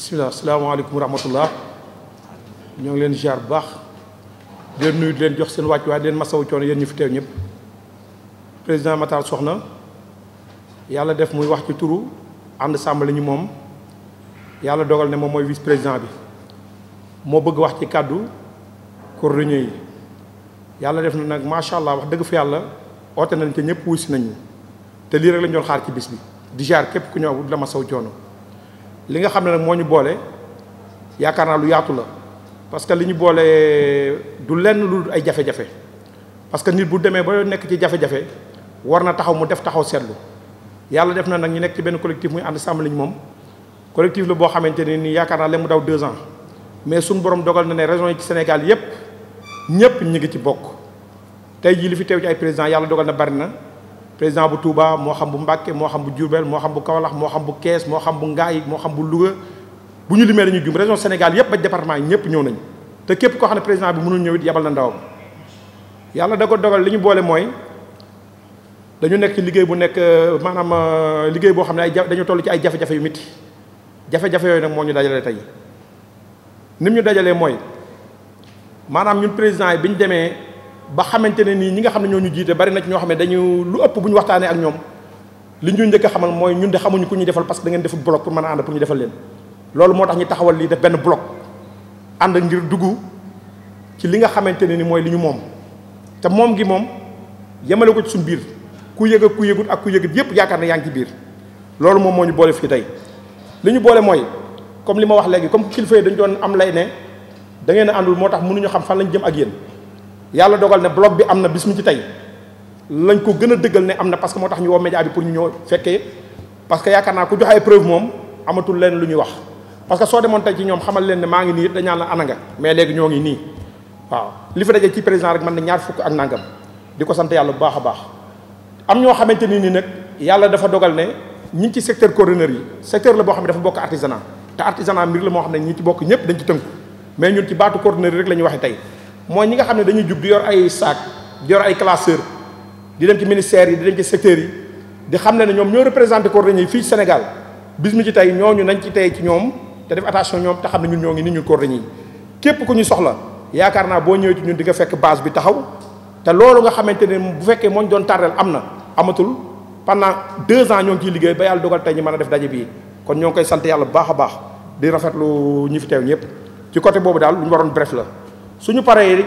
bisimilah salaamaaleykum wa rahmatullah ñoo ngi leen ziar bu baax di leen nuyu di leen jox seen wàcc waaye di leen masawu coono yéen ñu fi teew ñëpp président Soxna yàlla def muy wax ci turu ànd sàmm li moom yàlla dogal ne moom mooy vice président bi moo bëgg wax ci kàddu coordonnier yi yàlla def na nag macha allah wax dëgg fa yàlla oote nañ te ñëpp wuy si nañu te lii rek lañ doon xaar ci bis bi di jaar képp ku ñëw la ma saw coono li nga xam ne nag moo ñu boole yaakaar naa lu yaatu la parce que li ñu boole du lenn lu ay jafe-jafe parce que nit bu demee ba nekk ci jafe-jafe war na taxaw mu def taxaw seetlu yàlla def na nag ñu nekk ci benn collectif muy ànd sàmm liñ moom collectif la boo xamante ne nii yaakaar naa leen mu daw deux ans mais suñu borom dogal na ne régions yi ci Sénégal yépp ñépp ñu ngi ci bokk tey jii li fi teew ci ay président yàlla dogal na bari na président bu Touba moo xam bu Mbàkke moo xam bu Diourbel moo xam bu Kaolack moo xam bu Kees moo xam bu Ngaay moo xam bu luga bu ñu limee dañuy jum région Sénégal yëpp ba département yi ñëpp ñëw nañu te képp koo xam ne président bi mu ñëw it yabal na ndawam yàlla da ko dogal li ñu boole mooy dañu nekk ci liggéey bu nekk euh, maanaam euh, liggéey boo xam ne ay dañu toll ci ay jafe-jafe yu métti jafe-jafe yooyu nag moo ñu dajale tey nim ñu dajalee mooy maanaam ñun président yi bi ñu demee ba xamante ne nii ñi nga xam ne ñoo ñu jiite bari na ci ñoo xam ne dañu lu ëpp bu ñu waxtaanee ak ñoom li ñu njëkk a xamal mooy ñun de xamuñu ku ñu defal parce que da ngeen deful bloc pour mën a ànd pour ñu defal leen loolu moo tax ñu taxawal lii def benn bloc ànd ngir dugg ci li nga xamante ne ni mooy li ñu moom te moom gi moom yemale ko ci suñu biir ku yëg ku yëgut ak ku yëgut yëpp yaakaar na yaa ngi ci biir loolu moom moo ñu boole fii tey li ñu boole mooy comme li ma wax léegi comme kilifa yi dañu doon am lay ne da ngeen a àndul moo tax mënuñu xam fan lañ jëm ak yéen yàlla dogal ne bloc bi am na bis mi ci tey lañ ko gën a dëggal ne am na parce que moo tax ñu woo média bi pour ñu ñëw fekkee parce que yaakaar naa ku joxe ay preuve moom amatul leen lu ñuy wax parce que soo demoon tey ci ñoom xamal leen ne maa ngi nii it dañaan la ana nga mais léegi ñoo ngi nii waaw li fi daje ci président rek man na ñaar fukk ak nangam di ko sant yàlla bu baax a baax am ñoo xamante ni nii nag yàlla dafa dogal ne ñi ngi ci secteur cordonnerie yi secteur boo xam ne dafa bokk artisanat te artisanat mbir la moo ñi ci bokk ñëpp dañ ci tënku mais ci baatu cordonnerie rek la ñuy waxe tey mooy ñi nga xam ne dañuy jub di yor ay sac di yor ay classeur di dem ci ministères yi di dem ci secteurs yi di xam ne ne ñoom ñoo représenté cordonniers yi fii Sénégal bis mi ci tey ñooñu nañ ci tey ci ñoom te def attention ñoom te xam ne ñoo ngi ni ñun cordonniers yi képp ku ñu soxla yaakaar naa boo ñëwee ci ñun di nga fekk base bi taxaw te loolu nga xamante ne bu fekkee moo mooñ doon tardeel am na amatul pendant deux ans ñoo ngi ciy liggéey ba yàlla dogal tey ñu mën a def daje bii kon ñoo koy sant yàlla bu baax a baax di rafetlu ñi fi ñëpp ci côté boobu daal lu ñu waroon bref la suñu paree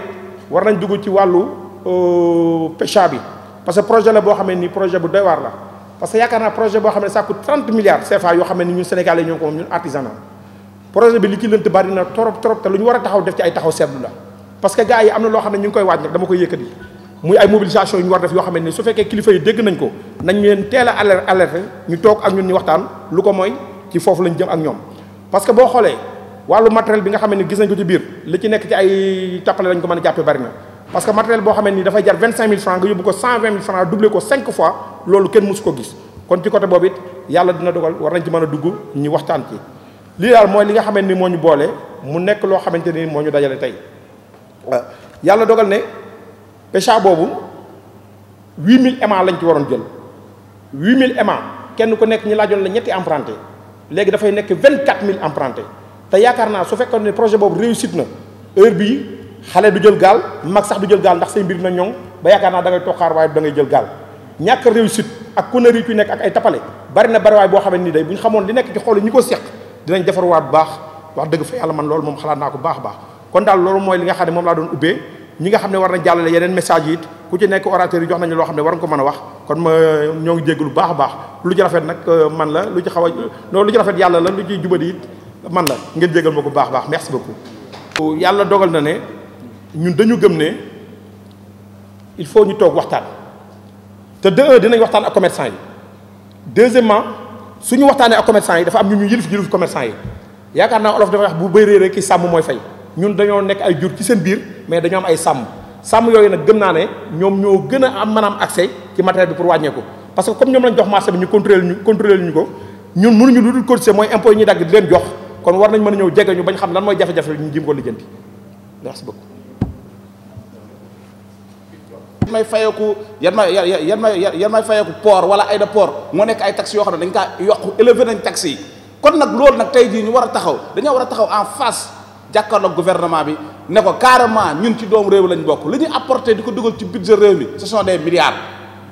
war nañ dugg ci wàllu euh, pécha bi parce que projet la boo xam ne projet bu doy waar la parce que yaakaar naa projet boo xam ne ça coûte 30 milliards CFA yoo xam ne ni ñun sénégalais ñoo ko moom ñun artisanat projet bi li ci lënt bari na trop trop te lu ñu war a taxaw def ci ay taxaw seetlu la parce que gars yi am na loo xam ne ñu ngi koy waaj nag dama koy yëkkati muy ay mobilisation yu ñu war def yoo xam ne su fekkee kilifa yi dégg nañ ko nañ leen teel a alerte ñu toog ak ñun ñu waxtaan lu ko mooy ci foofu lañ jëm ak ñoom parce que boo xoolee le matériel bi nga xamné gis nañ ko ci biir li ci ci ay a bari parce que matériel bo xamné da jar francs nga yóbbu ko francs doubler ko 5 fois loolu kenn mosu ko gis kon ci côté bobit yalla dina dogal war nañ ci mëna a dugg waxtaan ci li dal moy li nga xamné ni que mu nek lo ni euh, dogal né pécha bobu 8000 lañ ci waron emprunté légui da fay te yaakaar naa su fekkoon ne projet boobu réussite na heure bii xale du jël gaal mag sax du jël gaal ndax say mbir na ñoŋ ba yaakaar naa da ngay toqaar waaye da ngay jël gaal ñàkk réussite ak kunari nekk ak ay tapale bari na bari waay boo xamante ni day bu ñu xamoon di nekk ci xoolu ñi ko seq dinañ defarwaat bu baax wax dëgg fa yàlla man loolu moom xalaat naa ko baax baax kon daal loolu mooy li nga xam ne moom laa doon ubbee ñi nga xam ne war na jàllale yeneen message yi it nekk orateur yi jox nañu loo xam ne a wax kon ma ñoo ngi jégg lu baax nag euh, man la lu ci xaw a lu ci rafet yàlla la lu ci jubadi it man la ngeen djegal merci beaucoup. yalla dogal na ne ñun dañu gëm ne il faut ñu de un dinañ ak commerçant yi deuxièmement suñu nous ak commerçant yi dafa am ñu commerçant yi olof dafa wax bu ki fay ñun ay jur ci seen biir mais am ay nous gëm ne ñoo am accès ci matériel bi pour wàññeeku parce que comme ñoom lañ jox marché bi ñu que ñu nous ko ñun nous impôt kon war nañ mën a ñëw jege ñu bañ xam lan mooy jafe-jafe ñu jim ko lijjanti merci beaucoup. yan may fayeeku yan may yan may yan may fayeeku port wala ay de port moo nekk ay taxes yoo xam ne dañ kaa yokk élevé nañ taxes yi kon nag loolu nag tey jii ñu war a taxaw dañoo war a taxaw en face jàkkaarloog gouvernement bi ne ko carrément ñun ci doomu réew lañ bokk li ñuy apporté di ko dugal ci budget réew mi ce sont des milliards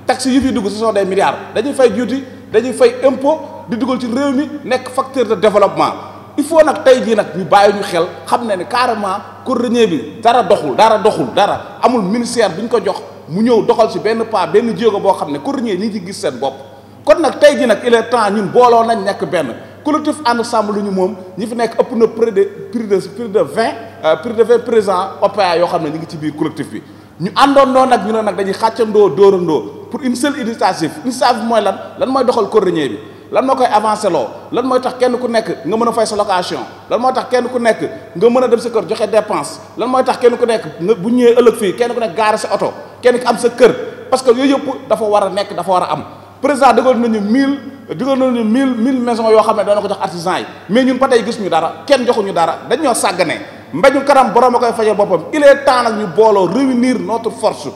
taxes yi fi dugg ce sont des milliards dañuy fay juuti dañuy fay impôt di dugal ci réew mi nekk facteur de développement il faut nag tey ji nag ñu bàyyi ñu xel xam ne ne carrément cordonnier bi dara doxul dara doxul dara amul ministère buñ ñu ko jox mu ñëw doxal ci benn pa benn jéego boo xam ne cordonnier ñi ngi ci gis seen bopp kon nag tey ji nag il est temps ñun booloo nañ nekk benn collectif ensemble lu ñu moom ñi fi nekk ëpp na près de près de près de 20 euh, près de vingt présents OPA yoo xam ne ngi ci biir collectif bi ñu àndoondoo nag ñu ne nag dañuy xàccandoo dóorandoo pour une seule initiative initiative mooy lan lan mooy doxal cordonnier bi lan mo koy avancer lo lan moy tax kenn ku nek nga meuna fay sa location lan moy tax kenn ku nek nga meuna dem sa keur joxe dépenses lan moy tax kenn ku nek bu ñewé ëlëk fi kenn ku nek gaare sa auto kenn ku am sa keur parce que yooyu yëpp dafa wara nek dafa wara am président dëggal nañu 1000 dëggal nañu 1000 1000 maisons yo xamné ne dana ko jox artisans yi mais ñun patay tey gis ñu dara kenn joxuñu dara dañ ñoo sagané mbañu karam borom koy fajal bopam il est temps nak ñu bolo réunir notre force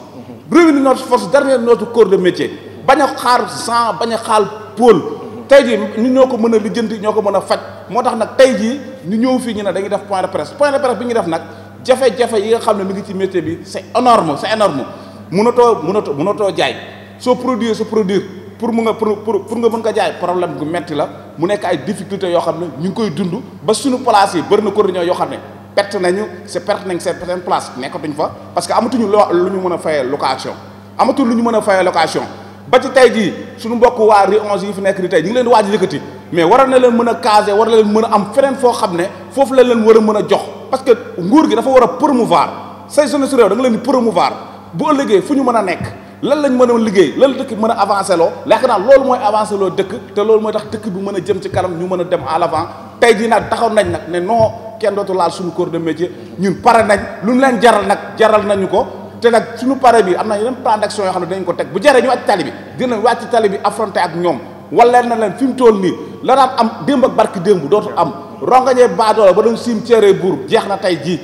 réunir notre force dernier notre corps de métier baña xaar sang baña a xaal pôle tey jii ñu ñoo ko mën a lijjanti ñoo ko mën a faj moo tax nag tey jii ñu ñëw fii ñu ne dañuy def point de presse point de presse bi ñu def nag jafe-jafe nga xam ne mi ngi ci métier bi c'est énorme c'est énorme mënatoo mënatoo mënatoo jaay soo produire soo produire pour mu nga pour pour nga mën ko jaay problème gu metti la mu nekk ay difficultés yoo xam ne ñu ngi koy dund ba suñu place yi bëri na coordination yoo xam ne perte nañu c'est perte nañ seen place nekkatuñ fa parce que amatuñu lu ñu mën a fayee location amatuñ lu ñu mën a fayee location ba ci tey jii suñu mbokk waa ri onze yi fi nekk di tey ñu leen di waaj yëkkati mais war na leen mën a caser war na leen mën a am feneen foo xam ne foofu la leen a mën a jox parce que nguur gi dafa war a promouvoir say jeune su réew da nga leen di promouvoir bu ëllëgee fu ñu mën a nekk lan lañ mën a liggéey lan dëkk mën a avancé loo yaakaar naa loolu mooy avancé loo dëkk te loolu mooy tax dëkk bi mën a jëm ci kanam ñu mën a dem à l'avant tey jii nag taxaw nañ nag ne noo kenn dootu laal suñu corps de métier ñun pare nañ lu ñu leen jaral nag jaral nañu ko te nag suñu pare bi am na yeneen plan d'action yoo xam ne dañ ko teg bu jaree ñu wàcc tali bi wàcc tali bi affronté ak ñoom wala na leen fi mu toll nii lanaan am démb ak barki démb dootul am rongañee baadoola ba doon cere buur jeex na tey jii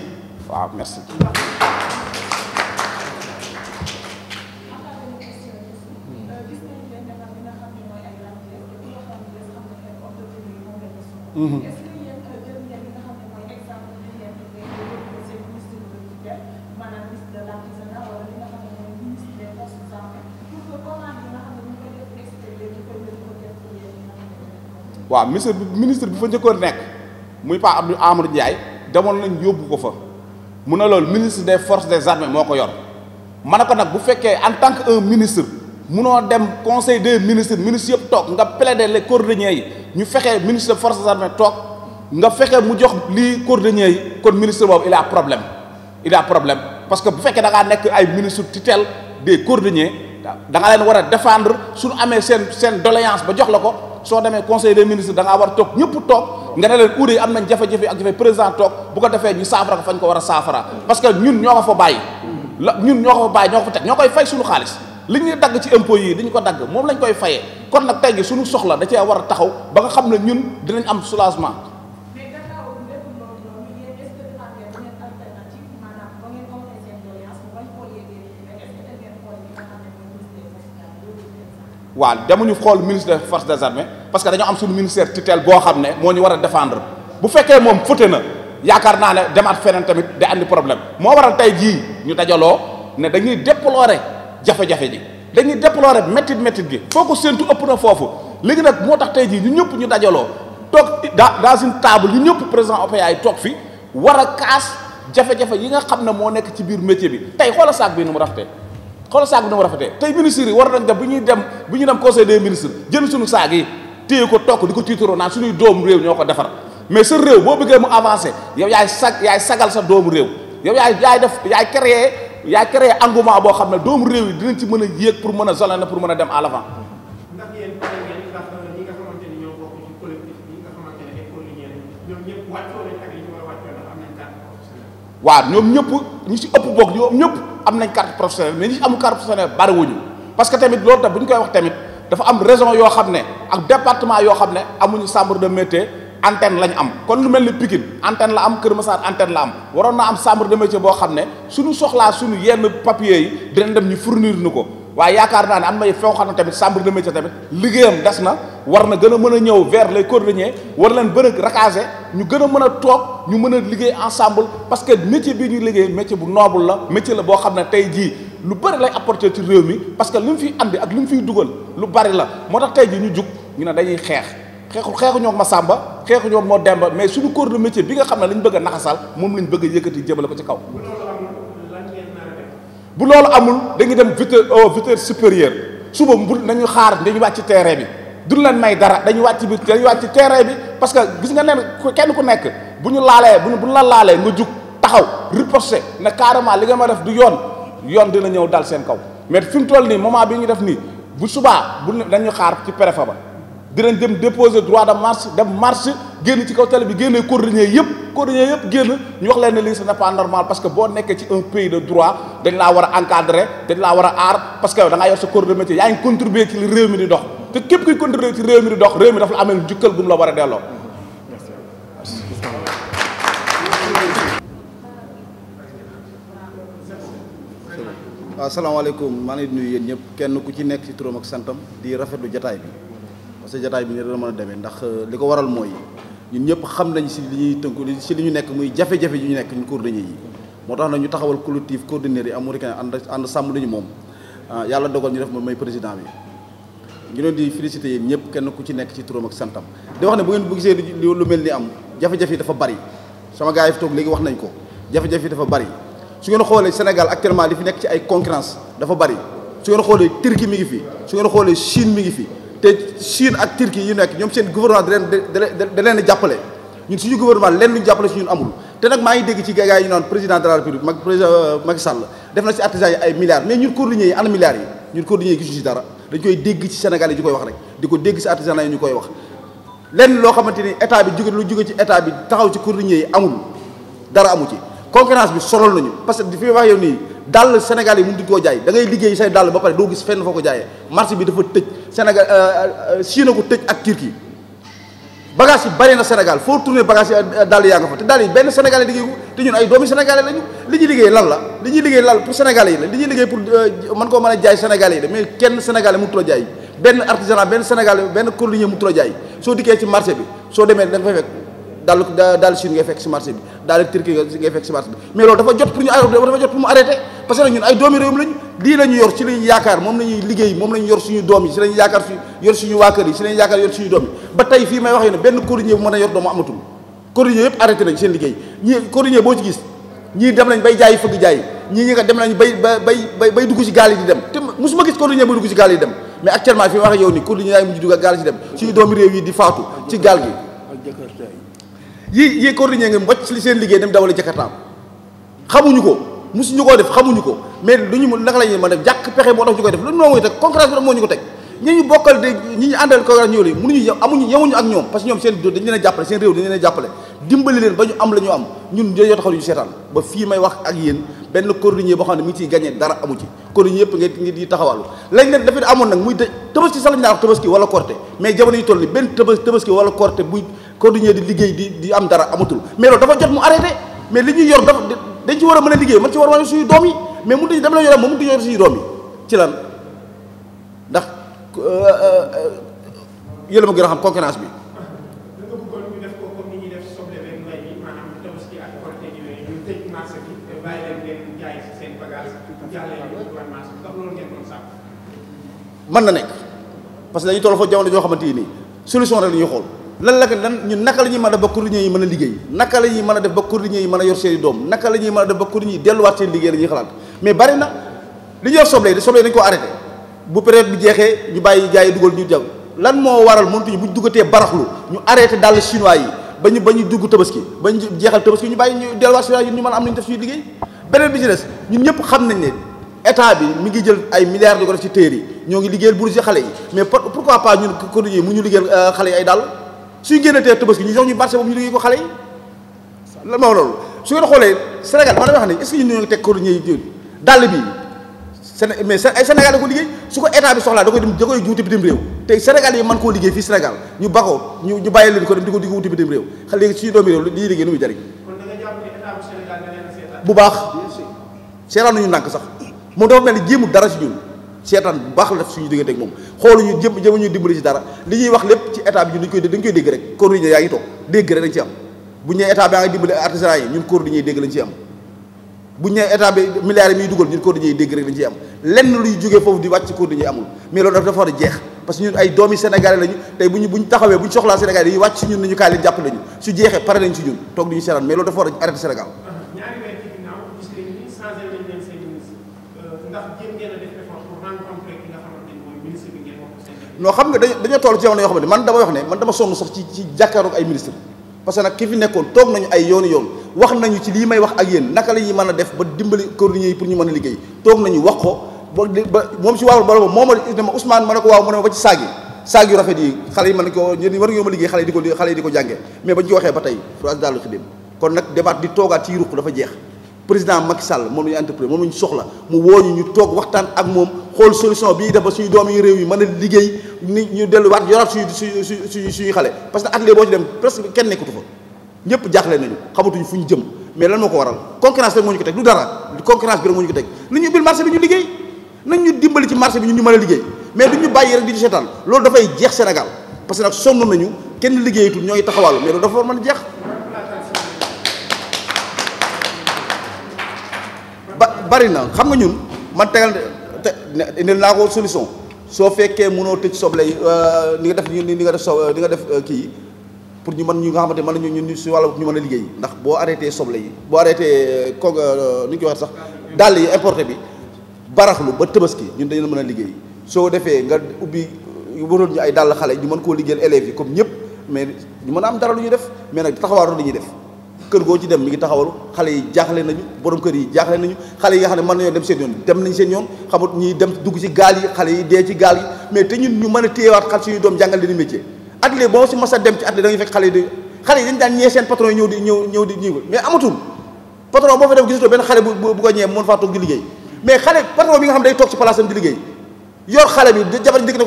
waaw merci hmm. waaw ministre bi ministre bi fa njëkkoon nekk muy Paa Abdou Amadou Ndiaye demoon nañ yóbbu ko fa mun na loolu ministre des force des armées moo ko yor ma ne ko nag bu fekkee en tant que un ministre munoo dem conseil des ministres ministres yëpp toog nga plaider les cordonniers yi ñu fexe ministre des forces toog nga fexe mu jox lii cordonniers yi kon ministre boobu il problème il a problème parce que bu fekkee da ngaa nekk ay ministre tutelle des cordonniers da nga leen war a défendre suñu seen seen doléance ba jox la ko soo demee conseil des ministres da ngaa a toog ñëpp toog nga ne leen ude yi am nañ jafe-jafe ak jafe président toog bu ko defee ñu saafara ko fañ ko war a saafara parce que ñun ñoo ko fa bàyyi la ñun ñoo ko fa bàyyi ñoo ko fa teg ñoo koy fay suñu xaalis li ñuy dagg ci impôts yi dañu ko dagg moom lañ koy fayee kon nag tey gi suñu soxla da cee war a taxaw ba nga xam ne ñun dinañ am soulagement waaw demuñu xool ministre des forces des armées parce que dañoo am suñu ministère tutelle boo xam ne moo ñu war a défendre bu fekkee moom fute na yaakaar naa ne demaat feneen tamit day andi problème moo waral tey jii ñu dajaloo ne dañuy déplorer jafe-jafe ji dañuy déplorer métit métit gi foo ko séentu foofu léegi nag moo tax tey jii ñu ñëpp ñu dajaloo toog dans dans une table ñu ñëpp président OPA yi toog fi war a kaas jafe nga xam ne moo nekk ci biir métier bi tey xoola saak bi nu mu rafetee xoolal saag bi na mu rafetee tey ministres war nañ def bu ñuy dem bu ñuy dem conseil des ministres jël suñu saag yi téye ko tokk di ko tiitaroo naan suñuy doomu réew ñoo ko defar mais sa réew boo bëggee mu avancé yow yaay sag sagal sa doomu réew yow yaay yaay def yaay créé yaay créé engouement boo xam ne doomu réew yi dinañ ci mën a yéeg pour mën a zolé na pour mën a dem à l'avant ñoom ñëpp ñu si ëpp boog ñoom ñëpp am nañ carte professionnelle mais ñi amul carte professionnelle bari wuñu parce que tamit loolu tam bu ñu koy wax tamit dafa am région yoo xam ne ak département yoo xam ne amuñu chambre de métier antenne lañ am kon lu mel ni Pikine antenne la am Kër Massar antenne la am waroon naa am chambre de métier boo xam ne suñu soxlaa suñu yenn papier yi dinañ dem ñu fournir ñu ko waaye yaakaar naa ne am na foo xam ne tamit chambre de métier tamit liggéeyam des na war na gën a mën a ñëw vers les cordonniers war leen bën a racager ñu gën a mën a toog ñu mën a liggéey ensemble parce que métier bi ñu liggéey métier bu noble la métier la boo xam ne tey jii lu bari lay apporter ci réew mi parce que li mu fi andi ak li mu fiy dugal lu bari la moo tax tey jii ñu jug ñu ne dañuy xeex xeexu xeexu ñoo ma sàmba xeexu ñoo moo demba mais suñu corps de métier bi nga xam ne lañ bëgg a naxasal moom lañ bëgg a yëkkati jëmale ci kaw bu loolu amul dañuy dem vitesse au oh, vitesse supérieure suba bu nañu xaar dañu wàcc terrain bi du leen may dara dañu wàcc bi dañu wàcc terrain bi parce que gis nga nen kenn ku nekk bu ñu laalee bu bu la laalee nga jug taxaw riposter ne carrément li nga ma def du yoon yoon dina ñëw dal seen kaw mais fi mu toll nii moment bi ñu def nii bu subaa bu dañu xaar ci préfet ba dinañ dem déposer droit de marche dem marche génn ci kaw télé bi génnee coordonnées yëpp coordonnées yëpp génn ñu wax leen ne lii ce n'est pas normal parce que boo nekkee ci un pays de droit dañ laa war a encadrer dañ laa war a aar parce que da ngaa yor sa corps de yaa ngi contribuer ci li réew mi di dox te képp kuy contribuer ci réew mi di dox réew mi dafa la amee njukkal bu la war a delloo. waaw salaamaaleykum maa ngi nuyu yéen ñëpp kenn ku ci nekk ci turam ak santam di rafetlu jataay sa jataay bi ni dana mën a demee ndax euh, li ko waral mooy ñun ñëpp xam nañ si li ñuy tënku si li ñu nekk muy jafe-jafe yi ñu nekk ñu coordonniers yi moo tax na ñu taxawal collectif coordonniers yi américain ànd ànd sàmm li ñu moom ah, yàlla dogal ñu def moom mooy président bi ñu leen di félicité yéen ñëpp kenn ku ci nekk ci turam ak santam di wax ne bu ngeen bu gisee lu mel ni am jafe-jafe yi dafa bari sama gars yi fi toog léegi wax nañ ko jafe-jafe yi dafa bari su ngeen xoolee Sénégal actuellement li fi nekk ci ay concurrence dafa bari su ngeen xoolee Turquie mi ngi fi su ngeen xoolee Chine mi ngi te Chine ak Turquie yu nekk ñoom seen gouvernement da leen da leen a jàppale ñun suñu gouvernement leen luñu jàppale si ñun amul te nag maa ngi dégg ci gars yi ñu naan président de la république mag président euh, Macky Sall def na si artisan yi ay milliards mais ñun cordonniers yi ana milliards yi ñun cordonniers yi gisuñu si dara dañ koy dégg ci Sénégal yi ñu koy wax rek di ko dégg si artisan yi ñu koy wax lenn loo xamante ni état bi jóge lu jóge ci état bi taxaw ci cordonniers yi amul dara amu ci concurrence bi solol nañu parce que dafay wax yow nii dàll Sénégal yi jaay da ngay liggéey say dàll ba pare doo gis fenn foo ko jaayee marché bi dafa tëj Sénégal euh, euh, euh, Chine ko tëj ak Turquie bagage yi bari na Sénégal foo tourné bagage yi dàll yaa nga fa te dàll yi benn sénégalais liggéey ko te ñun ay doomi sénégalais lañu li ñuy liggéey lan la li ñuy liggéey lal pour sénégalais yi la li ñuy liggéey pour mën koo mën a jaay sénégalais yi la mais kenn sénégalais mu tula jaay benn artisanat benn sénégalais benn cordonnier mu tula jaay soo dikkee ci marché bi soo demee da nga fay fekk dàll dàll Chine ngay fekk bi daal di Turquie ngay fekk si marché bi mais loolu dafa jot pour ñu dafa jot pour mu ay doomi réew mi lañu lii la ñu yor ci lañu yaakaar moom la liggéey moom la yor suñu doom yi si lañu yaakaar yi si suñu doom réew yi di faatu ci gaal gi yi yi coordonné nga wàcc si seen liggéey dem dawale jakartaam xamuñu ko musuñu koo def xamuñu ko mais lu ñu naka la def jàkk pexe moo tax ñu koy def lu noo ñu ko teg ñi ñu bokkal de ñi ñëw la mënuñu amuñu yemuñu ak wax ak yéen benn coordonnier boo xam ne mi ngi ciy gagné dara amu ci coordonnier yëpp nga ngi di taxawaalu léegi nag dafa amoon nag muy tabaski sax lañ naa wax tabaski wala korte mais jamono yi toll ni benn tabaski wala korte buy cordonnier di liggéey di di am dara amatul mais loolu dafa jot mu arrêté mais li ñuy yor dafa dañ ci war a mën a liggéey man ci war a mais mun dañu dem la yore moom ci lan ndax euh, euh, yéen na nekk parce que dañuy toll foofu jamono joo xamante ni solution rek la xool. lan la lan ñun naka la ñuy mën a ba coordinateur mën a liggéey naka la ñuy mën a def ba coordinateur yi a yor seen i doom a def ba coordinateur yi delluwaat seen liggéey la ñuy xalaat mais bu période bi jeexee ñu bàyyi gars yi dugal ñu jaww lan moo waral mënatuñu bu duggatee dugatee baraxlu ñu arrêté dàll chinois yi ba ñu ba ñu dugg tabaski ba ñu jeexal tabaski ñu bàyyi ñu delluwaat chinois yi ñu mën a am nañu def suñu liggéey beneen bi ci des ñëpp xam nañ ne état bi mi ngi jël ay milliards di ko def ci téer yi ñoo ngi liggéeyal bourse xale yi mais pourquoi pas ñun coordinateur yi mu ñu liggéeyal euh, xale yi ay dàll suñu génnatee tabaski ñu jox ñu marché ñu liggéey ko xale yi lan moo loolu su ngeen xoolee Sénégal man wax ne est-ce que ñun ñoo teg cordonnier yi dàll bi Séné mais ay Sénégal da ko liggéey su ko état bi soxlaa da dem da koy wuti te Sénégal yi mën koo liggéey fii Sénégal ñu baxoo ñu ñu bàyyi leen ko dem di ko di ko wuti bitim réew xam léegi suñu doomi réew li liggéey nu muy jariñ bu baax seetaan ñu ndànk sax mu doo mel ni jéemul dara si ñun seetaan bu baax la def suñu diggante ak moom xooluñu jëm jëmuñu dimbali ci dara li ñuy wax lépp ci état bi ñu dañ koy dañ koy dégg rek coordonné yaa ngi toog dégg rek dañ ci am ñu nee état bi yaa ngi dimbali artisanat yi ñun coordonné yi dégg lenn luy jógee foofu di wàcc ci coordonné yi amul mais loolu dafa war a jeex parce que ñun ay doomi Sénégal lañu tey bu ñu bu ñu taxawee bu ñu soxlaa Sénégal yi wàcc si ñun nañu kaay leen jàppale ñu su jeexee pare nañ si ñun toog duñu seetaan mais loolu dafa war a arrêté Sénégal noo xam nga dañu dañoo toll ci jamono yoo xam ne man dama sonn sax ci ci jàkkaaroog ay ministre parce que nag ki fi nekkoon toog nañu ay yoonu yoon wax nañu ci lii may wax ak yéen naka la ñuy mën a def ba dimbali coordinateur yi ñu mën a liggéey toog nañu wax ko ba ba moom si wàllu borom moom ne ma Ousmane ma ne ko waaw mu ne ma ba ci saag yi saag yu rafet yi xale yi mën ko war ñoo ma liggéey xale yi di ko xale yi di ko jàngee mais bañ ci waxee ba tey phrase daalu président Macky Sall moom ñu entreprise moom ñu soxla mu woñu ñu tok toog waxtaan ak mom xol solution bi def ba suñu doomi yi réew yi mën a liggéey ni ñu delluwaat yoraat suñu suñu suñu suñu xalé parce que atelier bo ci dem presque kenn nekkatu fa ñepp jaxlé nañu xamatuñu fu ñu jëm mais lan moo waral concurrence rek moo ñu ko tek du dara concurrence bi rek moo ñu ko tek li ñu ubbil marché bi ñu liggéey nañ ñu dimbali ci marché bi ñu mëna a liggéey mais duñu bayyi rek di seetaan loolu fay jex Sénégal parce que nak sonn nañu kenn liggéeyatul ñoy taxawal mais loolu da war mën jex bari na xam nga ñun man tégal indi la ko solution so fekkee mëno tecc soble euh ni nga def ni nga def ni nga def euh, euh, ki pour ñu man ñu nga xamanté man ñu ñu ci walu ñu mëna liggéey ndax bo arrêté soble yi bo arrêté euh, ko ni ñu koy wax sax dal yi importé bi baraxlu ba tebeski ñun dañu mëna liggéey so défé nga ubi yu waroon ñu ay dal xalé ñu mën ko liggéel élève yi comme ñëpp mais ñu mëna am dara lu ñu def mais nak taxawaru li ñi def kër goo ci dem mi ngi taxawalu xale yi jaaxle nañu borom kër yi jaaxle nañu xale yi nga xam ne mën nañoo dem seen yoon dem nañ seen yoon xamut ñuy dem dugg ci gaal yi xale yi dee ci gaal yi mais te ñun ñu mën a téyewaat xal a xale yi dañ daan ñee seen patron yi ñëw di ñëw ñëw ñëw mais amatul patron boo fa dem gisutoo benn xale bu bu ñee mën faa toog di liggéey mais xale patron bi nga xam day toog ci place am di liggéey yor xale bi jabar dikk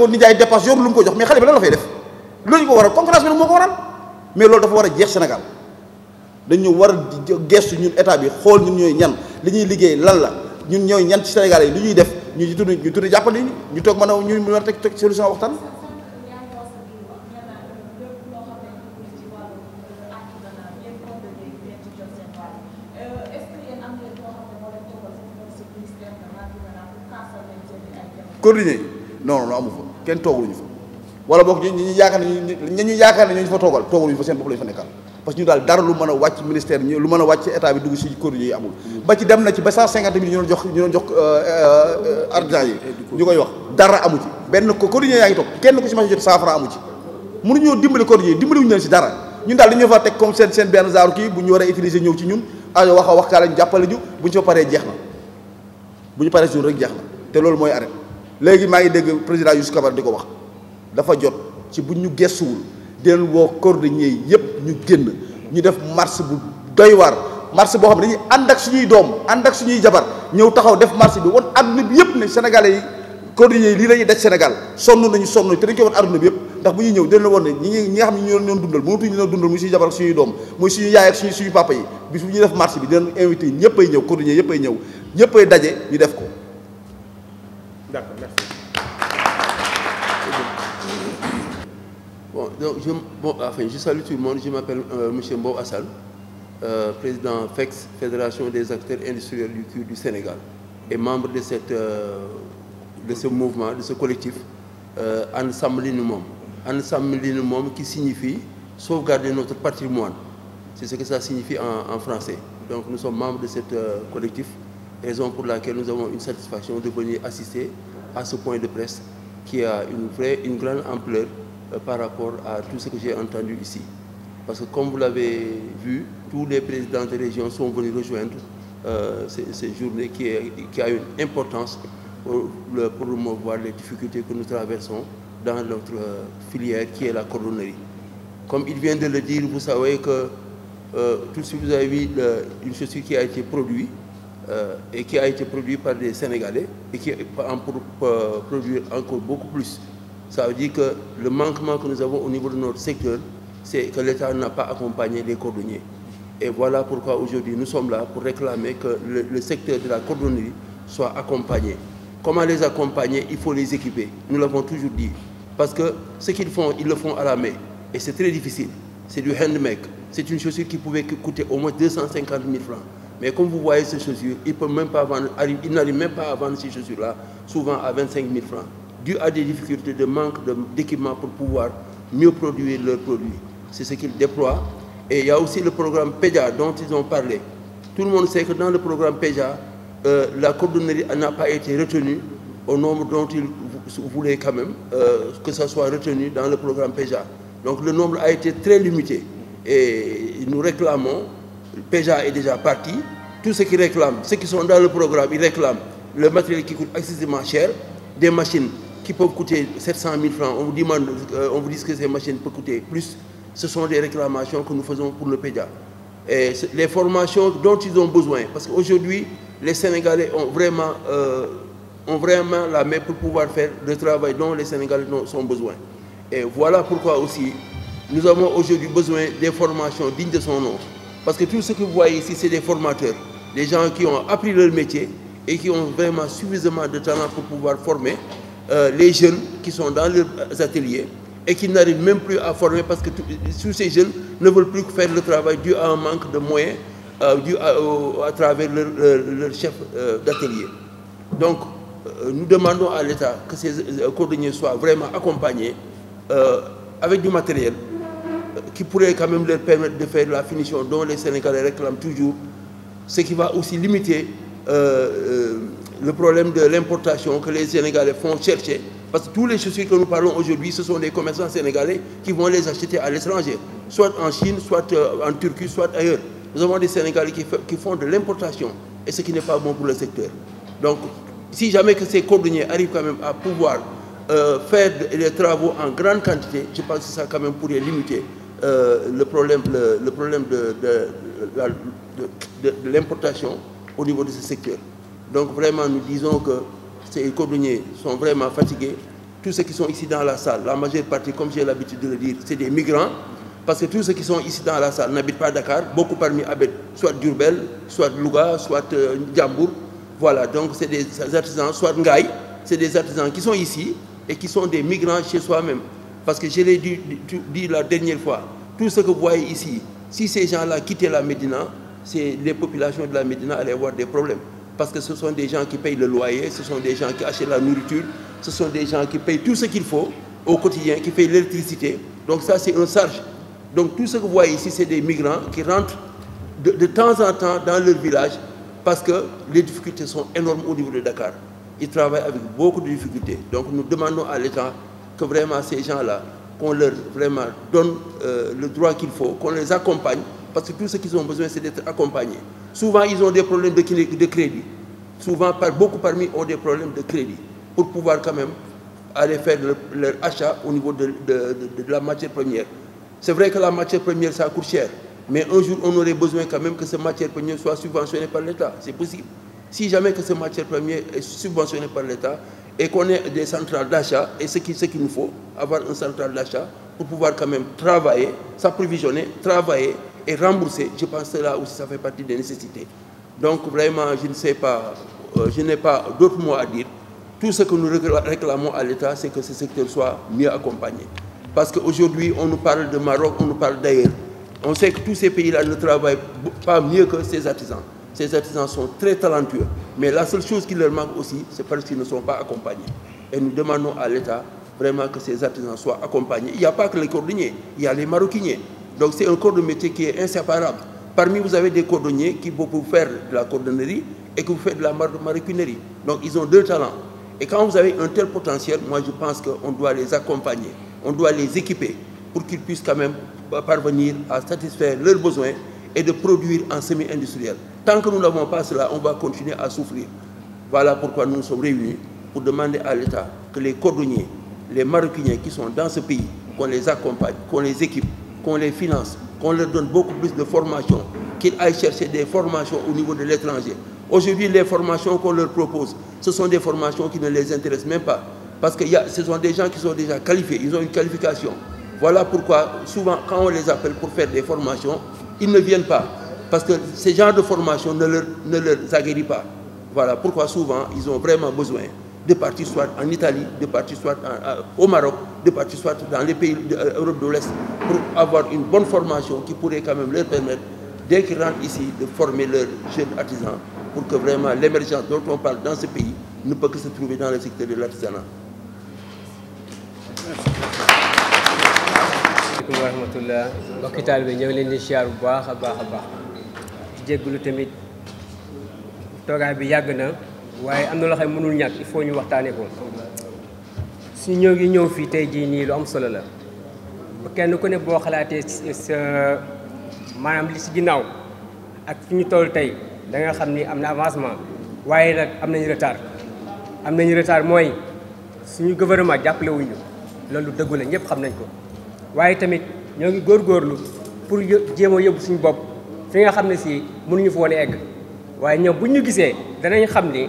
na a jeex Sénégal dañu war a gestu ñun état bi xool ñun ñooy ñan li ñuy liggéey lan la ñun ñooy ñan ci Sénégal yi li ñuy def ñu ñu tudd ñu tudd jàppale ñu ñu toog mën a ñu mën a teg teg solution waxtaan. coordonné non non amu fa kenn toogaluñu fa wala boog ñu ñu yaakaar ne ñu ñu yaakaar ñu fa toogal toogaluñu fa seen bopp lañu fa nekkal. parce que ñu daal dara lu mën a wàcc ministère lu mën a wàcc état bi dugg si kuréel yi amul. ba ci dem na ci ba cent cinquante mille ñu doon jox ñu doon jox euh, euh, artisans yi. ñu koy wax dara amu ci. benn ko kuréel yaa ngi toog kenn ku si mën a jot saafara amu ci mënuñoo dimbali kuréel yi dimbali wuñu leen si dara ñun daal di dañoo fa teg comme seen seen benn zaaru kii bu ñu war a utiliser ñëw ci ñun a wax a wax kaa lañ jàppale ñu bu ñu si paree jeex na bu ñu paree si ñun te loolu mooy arrêt léegi maa ngi dégg président Youssou Kabara di ko wax dafa jot ci buñ ñu gestuwul den woo cordonnier yëpp ñu génn ñu def marche bu doy waar marche boo xam ne dañuy ànd ak suñuy doom ànd ak suñuy jabar ñëw taxaw def marche bi wan àdduna bi yëpp ne sénégalais yi cordonnier yi lii la ñuy daj Sénégal sonn nañu sonn te dañ koy wan àdduna bi yëpp ndax bu ñuy ñëw dañ la woon ne ñi ñi nga xam ne ñu doon dundal mënatuñu ñu doon dundal muy suñuy jabar ak suñuy doom muy suñuy yaay ak suñu suñu papa yi bis bu ñuy def marche bi dinañ invité ñëpp ay ñëw cordonnier yëpp ay ñëw ñëpp ay daje ñu def ko je, salue tout le monde. Je m'appelle M. Mbou Assal, président FEX, Fédération des acteurs industriels du du Sénégal, et membre de, cette, euh, de ce mouvement, de ce collectif, euh, Ensemble qui signifie sauvegarder notre patrimoine. C'est ce que ça signifie en, en, français. Donc nous sommes membres de ce euh, collectif, raison pour laquelle nous avons une satisfaction de venir assister à ce point de presse qui a une vraie, une grande ampleur euh, par rapport à tout ce que j'ai entendu ici. Parce que comme vous l'avez vu, tous les présidents de région sont venus rejoindre euh, ces, journées qui, qui, a une importance pour, le, pour promouvoir les difficultés que nous traversons dans notre euh, filière qui est la cordonnerie. Comme il vient de le dire, vous savez que euh, tout ce que vous avez vu une chaussure qui a été produite et qui a été produite par des Sénégalais et qui en produire encore beaucoup plus. Ça veut dire que le manquement que nous avons au niveau de notre secteur, c'est que l'État n'a pas accompagné les cordonniers. Et voilà pourquoi aujourd'hui nous sommes là pour réclamer que le, secteur de la cordonnerie soit accompagné. Comment les accompagner Il faut les équiper. Nous l'avons toujours dit. Parce que ce qu'ils font, ils le font à la main. Et c'est très difficile. C'est du handmake. C'est une chaussure qui pouvait coûter au moins 250 000 francs. Mais comme vous voyez ces chaussures, ils n'arrivent même pas à vendre ces chaussures-là, souvent à 25 000 francs dû à des difficultés de manque d'équipement pour pouvoir mieux produire leurs produits. C'est ce qu'ils déploient. Et il y a aussi le programme PEJA dont ils ont parlé. Tout le monde sait que dans le programme PEJA, euh, la cordonnerie n'a pas été retenue au nombre dont ils voulaient quand même euh, que ça soit retenu dans le programme PEJA. Donc le nombre a été très limité. Et nous réclamons, PEJA est déjà parti, tous ceux qui réclament, ceux qui sont dans le programme, ils réclament le matériel qui coûte excessivement cher, des machines qui peuvent coûter 700 000 francs, on vous euh, on dit que ces machines peuvent coûter plus, ce sont des réclamations que nous faisons pour le PEDA. Et les formations dont ils ont besoin, parce qu'aujourd'hui, les Sénégalais ont vraiment, euh, ont vraiment la main pour pouvoir faire le travail dont les Sénégalais ont besoin. Et voilà pourquoi aussi, nous avons aujourd'hui besoin des formations dignes de son nom. Parce que tout ce que vous voyez ici, c'est des formateurs, des gens qui ont appris leur métier et qui ont vraiment suffisamment de talent pour pouvoir former euh, les jeunes qui sont dans leurs ateliers et qui n'arrivent même plus à former parce que tous ces jeunes ne veulent plus faire le travail dû à un manque de moyens, euh, dû à, travers leur, chef euh, d'atelier. Donc, nous demandons à l'État que ces coordonnées soient vraiment accompagnés avec du matériel qui pourrait quand même leur permettre de faire la finition dont les Sénégalais réclament toujours, ce qui va aussi limiter le problème de l'importation que les Sénégalais font chercher. Parce que tous les chaussures que nous parlons aujourd'hui, ce sont des commerçants sénégalais qui vont les acheter à l'étranger, soit en Chine, soit euh, en Turquie, soit ailleurs. Nous avons des Sénégalais qui, font de l'importation, et ce qui n'est pas bon pour le secteur. Donc, si jamais que ces cordonniers arrivent quand même à pouvoir euh, faire des travaux en grande quantité, je pense que ça quand même pourrait limiter euh, le problème, problème de l'importation au niveau de ce secteur. Donc vraiment, nous disons que ces écoliers sont vraiment fatigués. Tous ceux qui sont ici dans la salle, la majeure partie, comme j'ai l'habitude de le dire, c'est des migrants. Parce que tous ceux qui sont ici dans la salle n'habitent pas Dakar. Beaucoup parmi habitent soit d'Urbel, soit Louga, soit euh, Voilà, donc c'est des artisans, soit Ngaï, c'est des artisans qui sont ici et qui sont des migrants chez soi-même. Parce que je l'ai dit, la dernière fois, tout ce que vous voyez ici, si ces gens-là quittaient la Médina, c'est les populations de la Médina allaient avoir des problèmes parce que ce sont des gens qui payent le loyer, ce sont des gens qui achètent la nourriture, ce sont des gens qui payent tout ce qu'il faut au quotidien, qui payent l'électricité. Donc ça, c'est un charge. Donc tout ce que vous voyez ici, c'est des migrants qui rentrent de, temps en temps dans leur village parce que les difficultés sont énormes au niveau de Dakar. Ils travaillent avec beaucoup de difficultés. Donc nous demandons à l'État que vraiment ces gens-là, qu'on leur vraiment donne euh, le droit qu'il faut, qu'on les accompagne parce que tout ce qu'ils ont besoin, c'est d'être accompagnés. Souvent, ils ont des problèmes de, crédit. Souvent, beaucoup parmi eux ont des problèmes de crédit pour pouvoir quand même aller faire leur, achat au niveau de, la matière première. C'est vrai que la matière première, ça coûte cher. Mais un jour, on aurait besoin quand même que ces matière première soit subventionnées par l'État. C'est possible. Si jamais que ces matières premières est subventionnées par l'État et qu'on ait des centrales d'achat, et ce qu'il nous faut, avoir une centrale d'achat pour pouvoir quand même travailler, s'approvisionner, travailler, et rembourser, Je pense que là aussi, ça fait partie des nécessités. Donc vraiment, je ne sais pas, euh, je n'ai pas d'autres mots à dire. Tout ce que nous réclamons à l'État, c'est que ce secteur soit mieux accompagné. Parce qu'aujourd'hui, on nous parle de Maroc, on nous parle d'ailleurs. On sait que tous ces pays-là ne travaillent pas mieux que ces artisans. Ces artisans sont très talentueux. Mais la seule chose qui leur manque aussi, c'est parce qu'ils ne sont pas accompagnés. Et nous demandons à l'État vraiment que ces artisans soient accompagnés. Il n'y a pas que les cordonniers, il y a les maroquiniers, donc c'est un corps de métier qui est inséparable. Parmi vous avez des cordonniers qui vous faire de la cordonnerie et que vous faites de la marécunerie. Donc ils ont deux talents. Et quand vous avez un tel potentiel, moi je pense qu'on doit les accompagner, on doit les équiper pour qu'ils puissent quand même parvenir à satisfaire leurs besoins et de produire en semi-industriel. Tant que nous n'avons pas cela, on va continuer à souffrir. Voilà pourquoi nous nous sommes réunis pour demander à l'État que les cordonniers, les maroquiniers qui sont dans ce pays, qu'on les accompagne, qu'on les équipe qu'on les finance, qu'on leur donne beaucoup plus de formations, qu'ils aillent chercher des formations au niveau de l'étranger. Aujourd'hui, les formations qu'on leur propose, ce sont des formations qui ne les intéressent même pas. Parce que y ce sont des gens qui sont déjà qualifiés, ils ont une qualification. Voilà pourquoi, souvent, quand on les appelle pour faire des formations, ils ne viennent pas. Parce que ce genre de formation ne leur, ne leur aguerrit pas. Voilà pourquoi, souvent, ils ont vraiment besoin de partir soit en Italie, de partir soit euh, au Maroc, de partir soit dans les pays d'Europe de euh, l'Est, pour avoir une bonne formation qui pourrait quand même leur permettre, dès qu'ils rentrent ici, de former leurs jeunes artisans pour que vraiment l'émergence dont on parle dans ce pays ne peut que se trouver dans le secteur de l'artisanat. waaye am na loo xam ne mënul ñàkk il ñu waxtaanee ko su ñëw gi ñëw fii tey jii nii lu am solo la kenn ku ne boo xalaatee sa maanaam li ci ginnaaw ak fi ñu toll tey danga xam ni am na avancement waaye nag am nañu retard am nañu retard mooy suñu gouvernement jàppale wuñu loolu dëggu la ñëpp xam nañ ko waaye tamit ñoo ngi góor góorgóorlu pour jéem a yóbbu suñu bopp fi nga xam ne si mënuñu fa woon egg waaye ñëw bu ñu gisee danañ xam ni.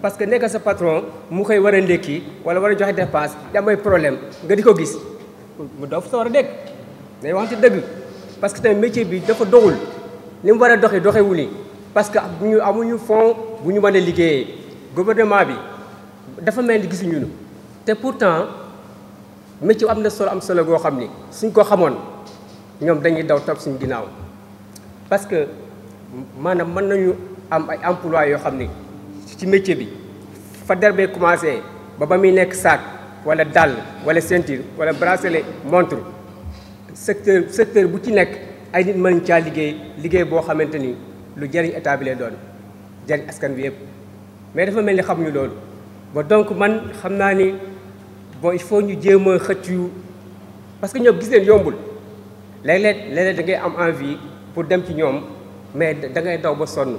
parce que nekk sa patron mu koy war a ndékki wala war a joxe dépense di ay problème nga di ko gis mu dof sa war a dégg day waxante dëgg parce que tamit métier bi dafa doxul li mu war a doxee doxewu ni parce que ñu amuñu fonds bu ñu mën a liggéeyee gouvernement bi dafa mel ni gisuñu te pourtant métier am na solo am solo goo xam ni suñ ko xamoon ñoom dañuy daw topp suñu ginnaaw parce que maanaam mën nañu am ay emploi yoo xam ni ci métier bi fa derbe bee commencé ba ba nek sac wala dal wala ceinture wala bracelet montre secteur secteur bu ci nek ay nit mën caa liguey liguey bo xamanteni lu jëriñ état bi lay doon jëriñ askan bi yëpp mais dafa melni ni lool ba donc man xamna ni bon il faut ñu jéem a parce que ñoo gis leen yombul léeg-léeg da ngay am envie pour dem ci ñoom mais da ngay daw ba sonn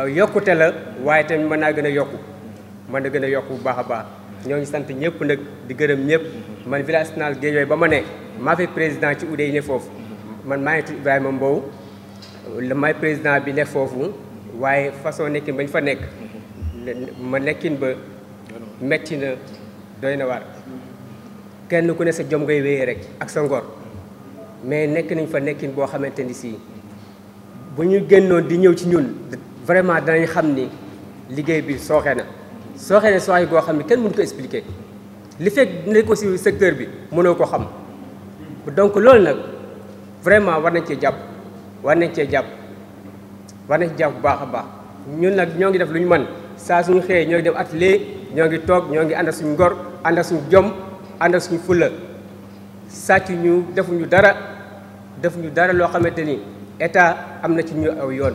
yokkute la waaye tamit mën naa gën a yokku man na gën a yokku bu baax a baax ñoo ngi sant ñëpp nag di gërëm ñëpp man village national Guédiawaye ba ma ne maa fi président ci ude yi ne foofu man maa ngi tudd Ibrahima Mbow may président bi ne foofu waaye façon nekkin bañ fa nekk ma nekkin ba metti na doy ku ne jom ngay wéyee rek ak sa mais nekk nañ fa nekkin boo xamante ni si bu ñu génnoon di ñëw ci ñun vraiment danañ xam ni liggéey bi sooxee na sooxe na sooxe goo xam ni kenn mënu ko expliquer li fekk ne ko ci secteur bi mënoo ko xam donc loolu nag vraiment war nañ cee jàpp war nañ cee jàpp war nañ cee jàpp bu baax a baax ñun nag ñoo ngi def lu ñu man saa suñu xëyee ñoo ngi dem atelier ñoo ngi toog ñoo ngi ànd ak suñu ngor ànd suñu jom ànd ak suñu fulla sàcc ñu defuñu dara defuñu dara loo xamante ni état am na ci ñu aw yoon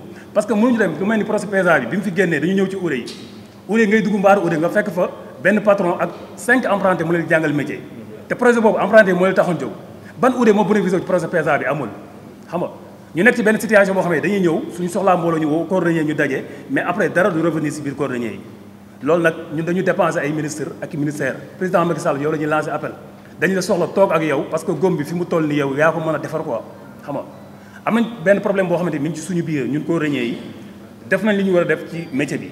parce que mënuñu dem lu melni ni projet paysage bi bi fi génnee dañu ñëw ci ouré yi ouré ngay dugg mbaaru ouré nga fekk fa benn patron ak cinq emprunté mu leen jàngal métier te projet boobu emprunté moo leen taxoon jóg ban urée moo bénéficié ci projet paysage bi amul xam nga ñu nekk ci benn situation boo xam ne dañuy ñëw suñu soxlaa mbooloo ñu woo cordonnier ñu daje mais après dara du revenir si biir cordonnier yi loolu nag ñun dañu dépensé ay ministre ak ministère président Macky Sall yow la ñuy lancé appel dañu la soxla toog ak yow parce que góom bi fi mu toll ni yow yaa ko mën a defar quoi xam nga am nañ benn problème boo xamante ni mi ngi suñu biir ñun ko rëñee yi def nañ li ñu war a def ci métier bi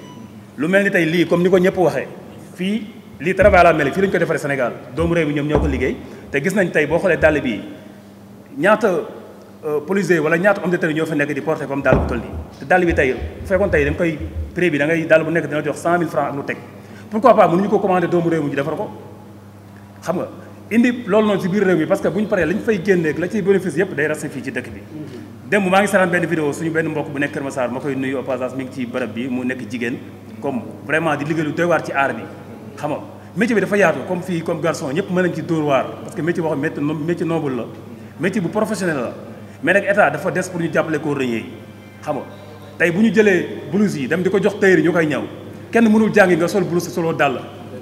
lu mel ni tey lii comme ni ko ñëpp waxee fii lii travail à la mairie fii lañ ko defaree Sénégal doomu réew mi ñoom ñoo ko liggéey te gis nañ tey boo xoolee dàll bii ñaata euh, policier wala ñaata homme de terrain ñoo fa nekk di porter comme dàll bu toll nii te dàll bi tey bu fekkoon tey dañ koy prix bi da dàll bu nekk dina jox 100000 francs ak lu teg pourquoi pas ko commander doomu réew mi ñu defar ko xam nga indi loolu noonu ci biir réew mi parce que bu ñu paree la ñu fay génneeg la ciy bénéfice yëpp day resté fii ci dëkk bi démb maa ngi saraan benn vidéo suñu benn mbokk bu nekk Kër Massar ma koy nuyu au passage mi ngi ci barab bi mu nekk jigéen comme vraiment di liggéey lu doy waar ci aar bi xam nga métier bi dafa yaatu comme fii comme garçon ñëpp mën nañ ci dóor waar parce que métier boo xam ne métier noble la métier bu professionnel la mais nag état dafa des pour ñu jàppale ko rëñee xam nga tey bu ñu jëlee blouse yi dem di ko jox tailleur yi ñu koy ñaw kenn mënul jàngi nga sol blouse soloo dàll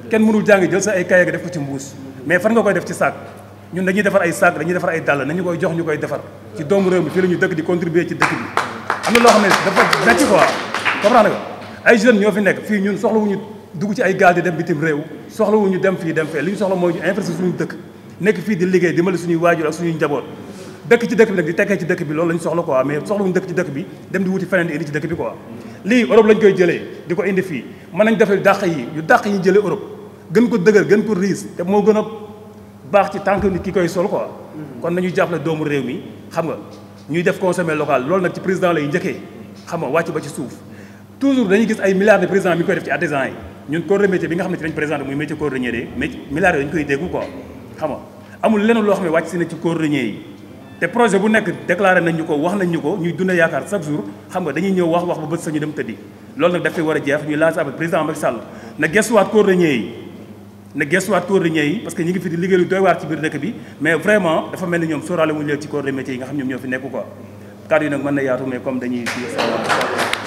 kenn mënul jàngi jël sa ay kaye nga def ko ci mbuus mais fan nga koy def ci saak ñun dañuy defar ay sag dañuy defar ay dàll nañu koy jox ñu koy defar ci doomu réew mi fii la ñu dëkk di contribuer ci dëkk bi am na loo xam ne jeunes ñoo fi nekk fii ñun soxlawuñu dugg ci ay gaal di dem bitim réew soxlawuñu dem fii dem fee li ñu soxla mooy ñu investir suñu dëkk nekk fii di liggéey dimbali suñuy waajur ak suñuy njaboot dëkk ci dëkk bi nag di tekkee ci dëkk bi loolu lañ soxla quoi mais soxlawuñu dëkk ci dëkk bi dem di wuti feneen di indi ci dëkk bi quoi lii Europe lañ koy jëlee di ko indi fii mën nañ defee dàq yi yu dàq yi jëlee Europe gën ko dëgër gën ko riis te moo gën a baax ci tànk nit ki koy sol quoi. Mm-hmm. kon nañu jàppale doomu réew mi xam nga ñuy def consommé local loolu nag ci président lay njëkkee xam nga wàcc ba ci suuf. toujours dañuy gis ay milliards de président mi ngi koy def ci artisan yi ñun corps de métier bi nga xam ne ci lañ présenté muy métier cordonnier de mais milliards dañu koy déggu ko xam nga amul leneen loo xam ne wàcc si na ci cordonnier yi. te projet bu nekk déclaré ñu ko wax nañ ñu ko ñuy dundee yaakaar chaque jour xam nga dañuy ñëw wax wax ba bët sañu dem tëddi loolu nag dafay war a jeex ñuy lancer avec président Macky Sall na gestuwaat cordonnier yi Nous avons corps de parce que nous fi di mais vraiment dafa de